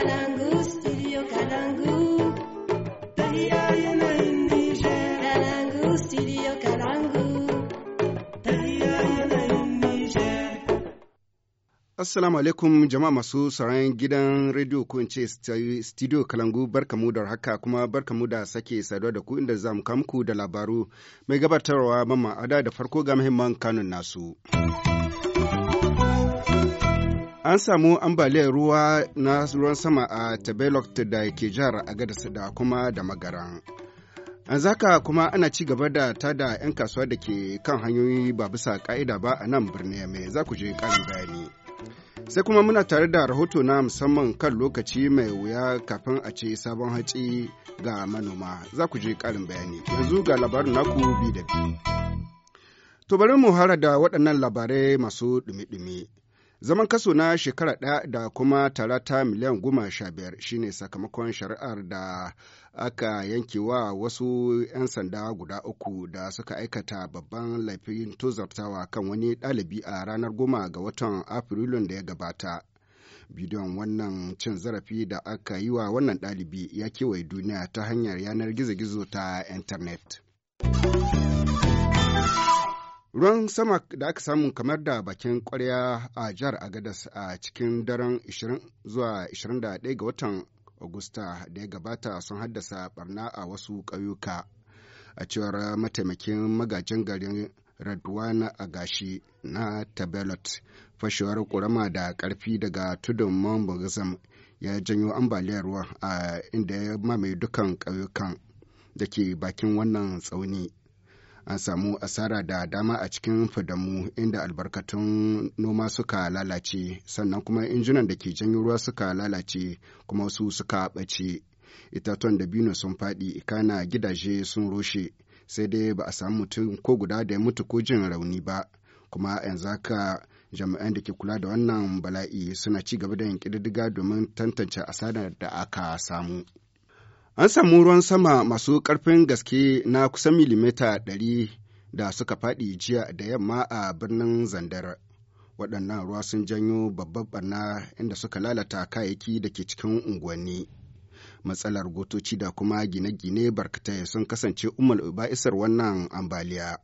Kalangu, alaikum jama'a masu sauran gidan rediyo ko in ce studio Kalangu barkamu da haka kuma barkamu da sake saduwa da ku inda za mu kamku da labaru mai gabatarwa mamma ada da farko ga muhimman kanun nasu. An samu ambaliyar ruwa na ruwan sama a Tabelok da ke jihar Agadas da kuma da magara. An zaka kuma ana ci gaba da tada 'yan kasuwa da ke kan hanyoyi ba bisa ka'ida ba a nan birni mai za ku je ƙarin bayani. Sai kuma muna tare da rahoto na musamman kan lokaci mai wuya kafin a ce sabon haci ga manoma za ku je ƙarin bayani. Yanzu ga labarin naku bi da bi. To bari mu hara da waɗannan labarai masu ɗumi-ɗumi. zaman kaso na shekara ɗaya da kuma tara ta miliyan goma sha biyar shine sakamakon shari'ar da aka yankewa wasu 'yan sanda guda uku da suka aikata babban laifin tozartawa kan wani ɗalibi a ranar goma ga watan afrilun da ya gabata bidiyon wannan cin zarafi da aka yi wa wannan ɗalibi ya kewaye duniya ta hanyar yanar gizo-gizo ta intanet. Ruwan sama da aka samu kamar da bakin kwarya a jihar Agadas a cikin daren 20 zuwa 21 ga watan Agusta da ya gabata sun haddasa barna a wasu ƙauyuka. A cewar mataimakin magajin garin Radwana Agashi na Tabelot, fashewar ƙurama da ƙarfi daga tudun Mamburgizam ya janyo ambaliyar ruwa a inda ya mamaye dukan ƙauyukan da ke bakin wannan tsauni. an samu asara da dama a cikin fadamu inda albarkatun noma suka lalace sannan kuma injunan da ke janyo ruwa suka lalace kuma wasu suka ɓace itatuwan bino sun faɗi kana gidaje sun rushe sai dai ba a samu mutum ko guda da ya mutu ko jin rauni ba kuma yanzu haka jami'an da ke kula da wannan bala'i suna ci gaba da yin ƙididdiga domin tantance asarar da aka samu. An samu ruwan sama masu ƙarfin gaske na kusan milimita ɗari da suka faɗi jiya da yamma a birnin Zandar. Waɗannan ruwa sun janyo babban ɓarna inda suka lalata kayayyaki da ke cikin unguwanni. Matsalar gotoci da kuma gine-gine barkatai sun kasance umar ba'isar wannan ambaliya.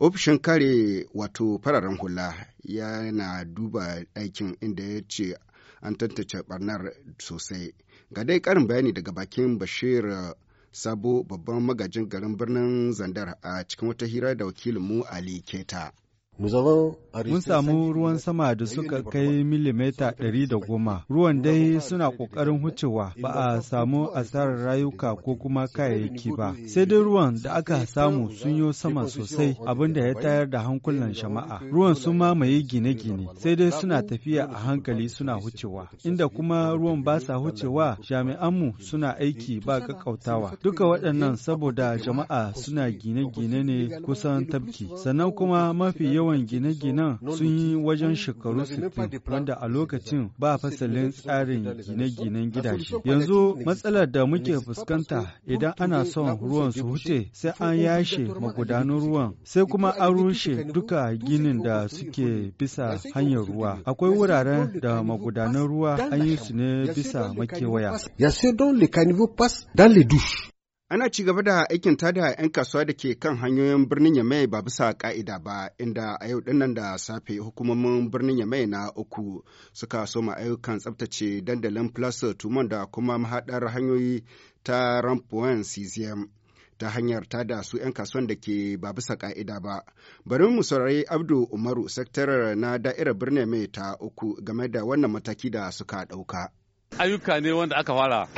ofishin kare wato fararen hula yana duba aikin inda ya ce an tantance barnar sosai Ga dai karin bayani daga bakin Bashir eh, Sabo babban magajin garin birnin Zandar a cikin wata hira da wakilinmu Ali Keta. Mun samu ruwan sama da suka kai milimeta ɗari da goma. Ruwan dai suna ƙoƙarin hucewa ba a samu asarar rayuka ko kuma kayayyaki ba. Sai dai ruwan da aka samu sun yi sama sosai abinda ya tayar da hankulan shama'a. Ruwan sun mamaye gine-gine sai dai suna tafiya a hankali suna hucewa. Inda kuma ruwan ba sa hucewa jami'anmu suna aiki ba ƙaƙƙautawa. Duka waɗannan saboda jama'a suna gine-gine ne kusan tabki, Sannan kuma mafi yawan yawan gine-ginen sun yi wajen shekaru 60 wanda a lokacin ba fasalin tsarin gine-ginen gidaje. Yanzu matsalar da muke fuskanta idan ana son ruwan su huce sai an yashe magudanan ruwan sai kuma an rushe duka ginin da suke bisa hanyar ruwa. Akwai wuraren da magudanan ruwa an yi su ne bisa makewaya. don Ana ci gaba da aikin tada 'yan kasuwa da ke kan hanyoyin birnin Yamai ba bisa ƙa'ida ba, inda a yau dinnan da safe hukumomin birnin Yamai na uku suka soma ayyukan tsabtace dandalin Plus Tumon da kuma mahaɗar hanyoyi ta Rampuan CZM ta hanyar tada su 'yan kasuwan da ke ba bisa ƙa'ida ba. Bari mu saurari Abdu Umaru, sektarar na da'irar birnin mai ta uku game da wannan mataki da suka ɗauka. Ayyuka ne wanda aka fara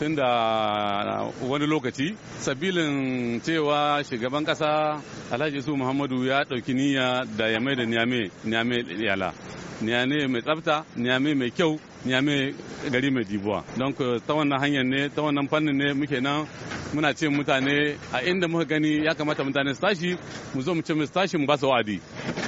tun da wani lokaci sabilin cewa shugaban kasa alhaji su muhammadu ya ɗauki niyya da ya mai da niyame niyame yala niyame mai tsafta niyame mai kyau niyame gari mai dibuwa don ta wannan hanyar ne ta wannan fannin ne muke nan muna ce mutane a inda muka gani ya kamata mutane su tashi mu zo mu ce mu tashi mu ba su wa'adi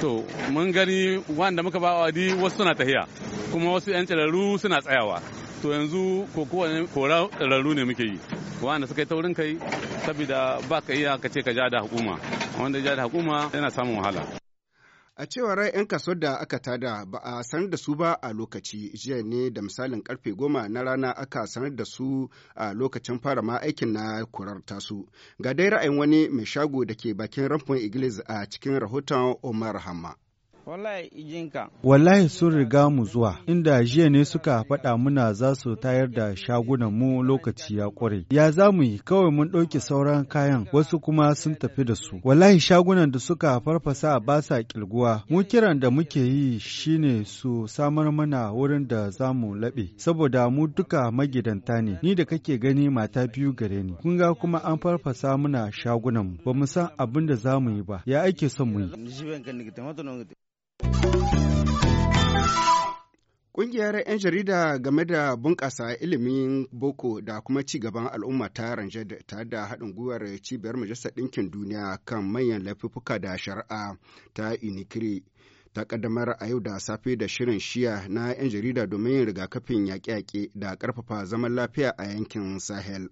to mun gani wanda muka ba wa'adi wasu suna tahiya kuma wasu 'yan tsararru suna tsayawa to yanzu kokowa kora rarru ne muke yi wanda suka yi taurin kai saboda ba ka iya ka ce ka ja da hukuma wanda ja da hukuma yana samun wahala a cewar rai 'yan kaso da aka tada ba a sanar da su ba a lokaci jiya ne da misalin karfe goma na rana aka sanar da su a lokacin fara ma aikin na kurar tasu ga dai ra'ayin wani mai shago da ke bakin ramfin iglis a cikin rahoton omar hamma Wallahi sun riga mu zuwa, inda jiya ne suka faɗa muna za su tayar da shagunan mu lokaci ya ƙware. Ya za mu yi kawai mun ɗauki sauran kayan wasu kuma sun tafi da su. Wallahi shagunan da suka farfasa ba sa ƙilguwa. Mu kiran da muke yi shine su samar mana wurin da za mu laɓe, saboda mu duka magidanta ne. Ni da kake gani mata biyu gare ni. Kun ga kuma an farfasa muna shagunan mu. Ba mu san abin da za mu yi ba. Ya ake son mu yi. Ƙungiyar 'yan jarida game da bunƙasa ilimin boko da kuma ci gaban al'umma ta ranje tare da haɗin gwiwar cibiyar majalisar ɗinkin duniya kan manyan laifuffuka da shari'a ta inikiri ta ƙaddamar a yau da safe da shirin shiya na 'yan jarida domin yin rigakafin yaƙe-yaƙe da ƙarfafa zaman lafiya a yankin sahel.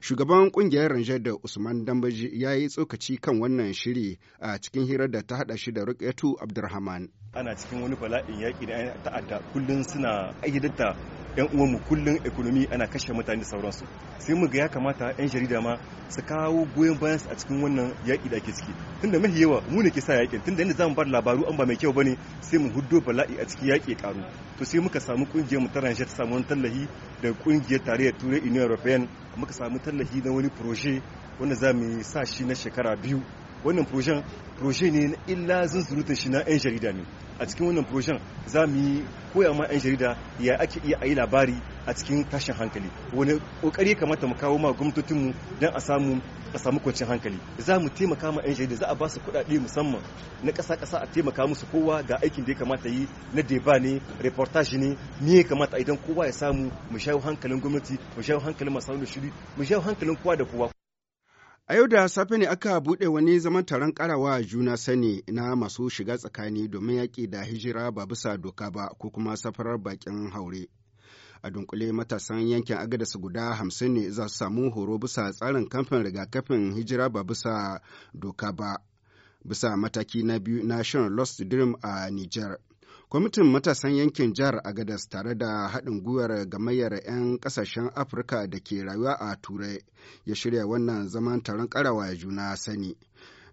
Shugaban kungiyar Ranjar da Usman Dambaji ya yi tsokaci kan wannan shiri a cikin hirar da ta hada shi da rukyatu Abdurrahman. Ana cikin wani bala'in yaƙi da ta'adda kullum suna ayyadatta 'yan uwanmu kullum ekonomi ana kashe mutane da sauransu sai mu ga ya kamata 'yan jarida ma su kawo goyon bayan a cikin wannan yaƙi da ake ciki tunda mafi yawa mu ne ke sa yaƙin tunda yadda zamu bar labaru an ba mai kyau bane sai mu huddo bala'i a cikin yaƙi karu to sai muka samu kungiyar mu ta Ransha ta samu wani tallahi da kungiyar tarayyar Turai Union European muka samu tallafi na wani proje wanda za mu sa shi na shekara biyu wannan projen proje ne na illa zunzurutun shi na 'yan jarida ne a cikin wannan projen za mu yi koya ma 'yan jarida ya ake iya a yi labari a cikin tashin hankali wani kokari kamata mu kawo ma gwamnatocinmu don a samu a samu kwanciyar hankali za mu taimaka ma 'yan jarida za a ba su kuɗaɗe musamman na ƙasa ƙasa a taimaka musu kowa ga aikin da ya kamata yi na deba ne reportage ne me ya kamata idan kowa ya samu mu shawo hankalin gwamnati mu shawo hankalin masu da shiri mu shawo hankalin kowa da kowa A yau da safe ne aka buɗe wani zaman taron karawa juna sani na masu shiga tsakani domin yaƙi da hijira ba bisa doka ba ko kuma safarar bakin haure. a dunkule matasan yankin agadas guda hamsin ne za su samu horo bisa tsarin kamfan rigakafin hijira ba bisa doka ba bisa mataki na biyu national lost dream a niger kwamitin matasan yankin jihar agadas tare da haɗin gwiwar gamayyar 'yan ƙasashen afirka da ke rayuwa a turai ya shirya wannan zaman taron ƙarawa juna sani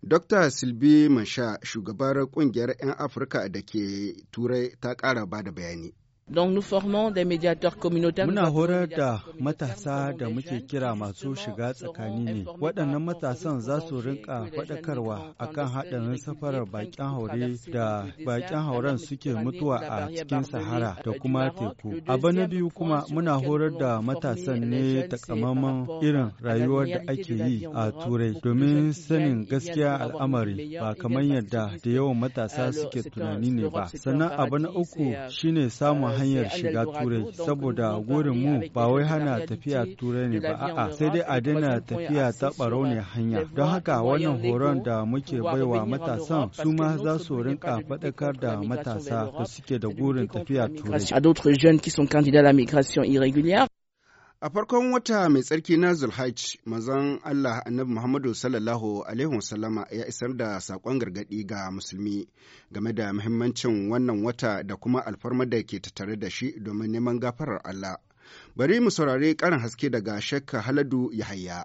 Dr. Silbi Masha, shugabar ƙungiyar 'yan Afirka da ke Turai ta ƙara ba da bayani. Muna horar da matasa da muke kira masu shiga tsakani ne. Waɗannan matasan za su rinka faɗakarwa a kan haɗarin safarar baƙin haure da baƙin hauren suke mutuwa a cikin Sahara da euh, kuma teku. Abu na biyu kuma muna horar da matasan ne takamaman irin rayuwar da ake yi a Turai domin sanin gaskiya al'amari ba kamar yadda da yawan matasa suke tunani ne ba. Sannan abu na uku shine samun hanyar shiga turai saboda gurin mu ba wai hana tafiya turai ne ba a'a sai dai a daina tafiya ta barau ne hanya don haka wannan horon da muke baiwa matasan su ma za su rinka faɗakar da matasa da suke da gurin tafiya turai A farkon wata mai tsarki na Zulhaj, mazan Allah annabi Muhammadu sallallahu Alaihi wasallama ya isar da saƙon gargaɗi ga musulmi game da muhimmancin wannan wata da kuma alfarmar da ke tattare da shi domin neman gafarar Allah. Bari mu saurari ƙarin haske daga shakka Haladu Yahaya.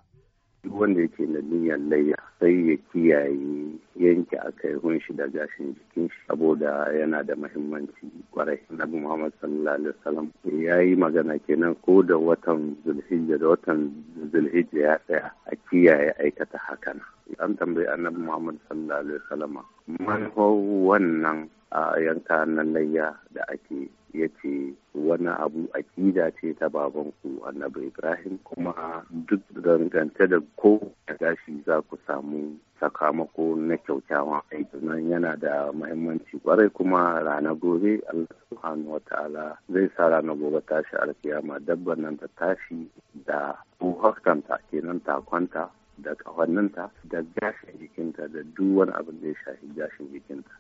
Wanda yake na niyyar layya sai ya kiyaye yanke akaihun shi da gashin jikin shi saboda yana da mahimmanci kwarai annabi muhammad sallallahu alaihi wasallam ya yi magana kenan ko da watan zulhijja da watan zulhijja ya tsaya a kiyaye aikata hakan an tambayi annabi muhammad sallallahu alaihi wasallam manhawar wannan a yanka nan layya da ake ya ce wani abu aƙida ce ta babanku annabi ibrahim kuma duk dangante da ko gashi za ku samu sakamako na kyaukyawan aiki nan yana da mahimmanci kwarai kuma ranar gobe allah subhanahu wa ta'ala zai sa ranar gobe tashi alkiyama dabban nan ta tashi da buhaktanta kenan takwanta da kafanninta da gashin jikinta da duk wani abin da ya shafi gashin jikinta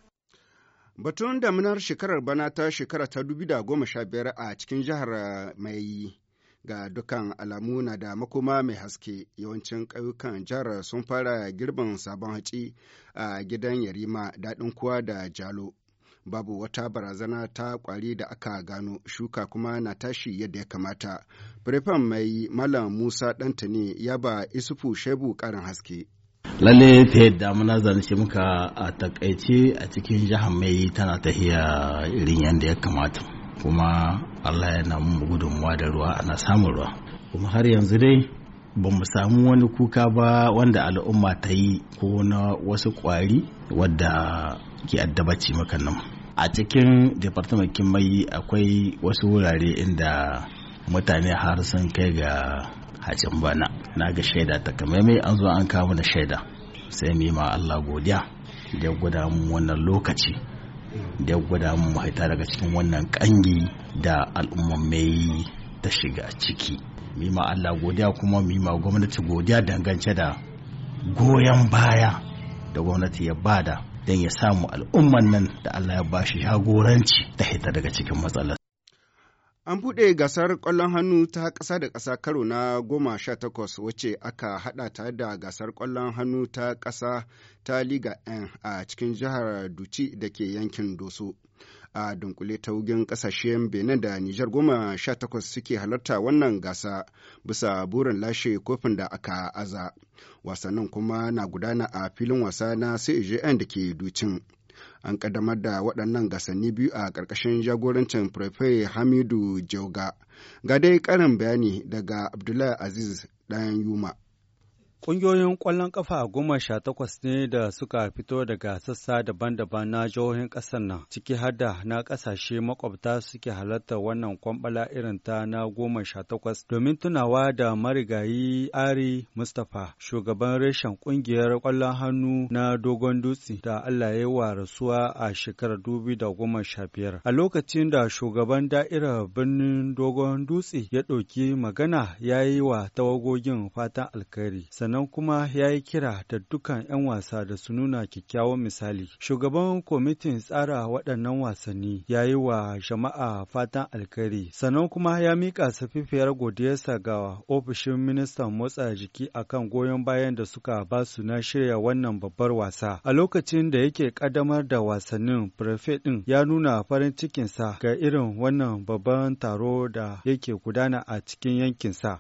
Batun daminar shekarar bana ta shekara ta biyar a cikin jihar mai ga dukkan alamu na da makoma mai haske yawancin ƙauyukan jihar sun fara girbin sabon haci a gidan yarima daɗin kuwa da jalo babu wata barazana ta kwari da aka gano shuka kuma na tashi yadda ya kamata. Firifan mai Malam Musa ne ya ba Isufu Shebu ƙarin haske. lalle ta yadda muna zance muka a takaice a cikin jihar mai tana tahiya irin yadda ya kamata kuma allah yana mu gudunmuwa da ruwa ana samun ruwa kuma har yanzu dai ba mu samu wani kuka ba wanda al'umma ta yi ko na wasu kwari wadda ke addabaci makan a cikin departament mai akwai wasu wurare inda mutane har sun kai ga hajin bana na ga shaida ta kamar an zo an kawo na shaida sai mu ma Allah godiya da ya gwada mu wannan lokaci da ya mu mahaita daga cikin wannan kangi da al'umman mai ta shiga ciki mu ma Allah godiya kuma mu ma gwamnati godiya dangance da goyon baya da gwamnati ya bada don ya samu al'umman nan da Allah ya bashi jagoranci ta hita daga cikin matsala An buɗe gasar ƙwallon hannu ta ƙasa da ƙasa karo na goma sha takwas wacce aka haɗa ta da gasar ƙwallon hannu ta ƙasa ta Liga N a cikin jihar Duci da ke yankin Doso. A dunkule ta wugin ƙasashen Benin da Nijar goma sha takwas suke halarta wannan gasa bisa burin lashe kofin da aka aza. Wasannin kuma na gudana a filin wasa na CAGN da ke Ducin. an kaddamar da waɗannan gasanni biyu a ƙarƙashin jagorancin prefe hamidu jauga ga dai ƙarin bayani daga abdullahi aziz ɗayan yuma Ƙungiyoyin ƙwallon ƙafa goma sha takwas ne da suka fito daga sassa daban-daban na jihohin ƙasar nan, ciki hada na ƙasashe makwabta suke halatta wannan kwamɓala irin ta na goma sha takwas domin tunawa da marigayi Ari Mustapha, shugaban reshen ƙungiyar ƙwallon hannu na dogon dutse da Allah ya wa rasuwa a shekarar dubi da goma sha biyar. A lokacin da shugaban da'irar birnin dogon dutse ya ɗauki magana ya yi wa tawagogin fatan alkhairi. sannan kuma ya yi kira da dukkan 'yan wasa da su nuna kyakkyawan misali. Shugaban kwamitin tsara waɗannan wasanni ya yi wa jama'a fatan alkhairi, sannan kuma ya miƙa safifiyar godiyarsa ga ofishin ministan motsa jiki akan goyon bayan da suka ba su na shirya wannan babbar wasa. A lokacin da yake ƙaddamar da wasannin, prefet ɗin ya nuna farin cikinsa ga irin wannan babban taro da yake gudana a cikin yankinsa.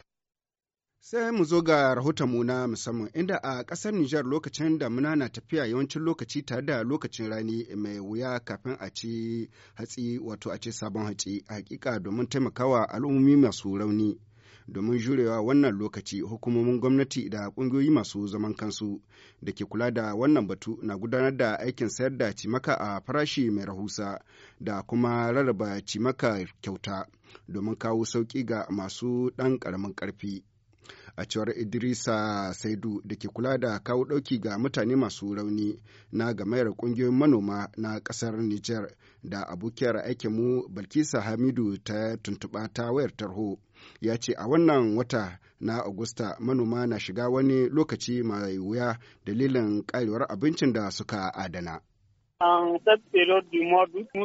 Sai mu zo ga rahotonmu na musamman inda a ƙasar Nijar lokacin damuna na tafiya yawancin lokaci tare da lokacin rani mai wuya kafin a ci hatsi wato a ce sabon hatsi hakika domin taimakawa al'ummi masu rauni. Domin jurewa wannan lokaci hukumomin gwamnati da ƙungiyoyi masu zaman kansu da ke kula da wannan batu na gudanar da aikin sayar da cimaka a farashi mai rahusa da kuma rarraba cimaka kyauta domin kawo sauƙi ga masu ɗan ƙaramin ƙarfi. a cewar idrisa saidu da ke kula da kawo ɗauki ga mutane masu rauni na gamayar ƙungiyoyin manoma na ƙasar niger da abokiyar aikinmu balkisa hamidu ta tuntuɓa ta wayar tarho ya ce a wannan wata na agusta manoma na shiga wani lokaci mai wuya dalilin karewar abincin da suka adana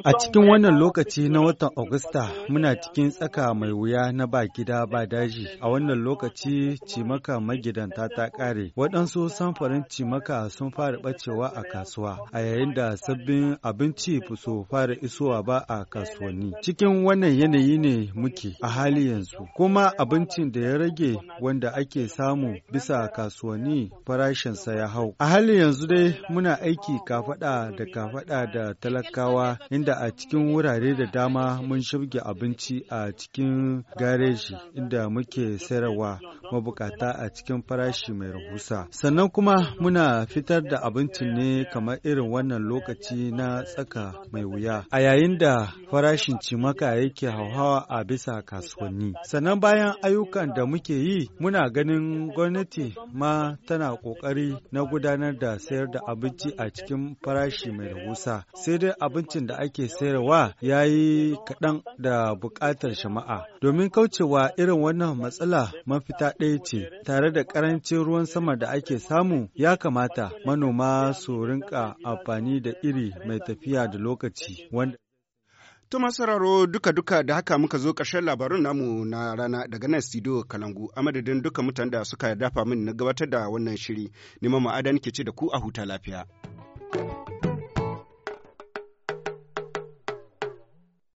A cikin wannan lokaci na watan Agusta muna cikin tsaka mai wuya na ba gida ba daji. A wannan lokaci cimaka magidanta ta ƙare. Waɗansu samfarin cimaka sun fara ɓacewa a kasuwa, a yayin da sabbin abinci su fara isowa ba a kasuwanni. Cikin wannan yanayi ne muke a hali yanzu. Kuma abincin da ya rage wanda ake samu bisa kasuwanni farashinsa ya hau. A hali yanzu dai muna aiki ka faɗa da faɗa da talakawa inda a cikin wurare da dama mun shirge abinci a cikin gareji inda muke sayarwa mabukata a cikin farashi mai rahusa. Sannan kuma muna fitar da abincin ne kamar irin wannan lokaci na tsaka mai wuya a yayin da farashin cimaka yake hauhawa a bisa kasuwanni. Sannan bayan ayyukan da muke yi muna ganin gwamnati ma tana ƙoƙari na gudanar da sayar da abinci a cikin farashi mai rahusa. Sai dai abincin da ake sayarwa ya yi kaɗan da buƙatar shama'a. Domin kaucewa irin wannan matsala mafita ɗaya ce tare da ƙarancin ruwan sama da ake samu ya kamata manoma su rinka amfani da iri mai tafiya da lokaci wanda To masararo duka-duka da haka muka zo ƙarshen labarun namu na rana daga nan studio Kalangu a madadin duka mutanen da suka dafa min na gabatar da wannan shiri. Neman ma'adan ke ce da ku a huta lafiya.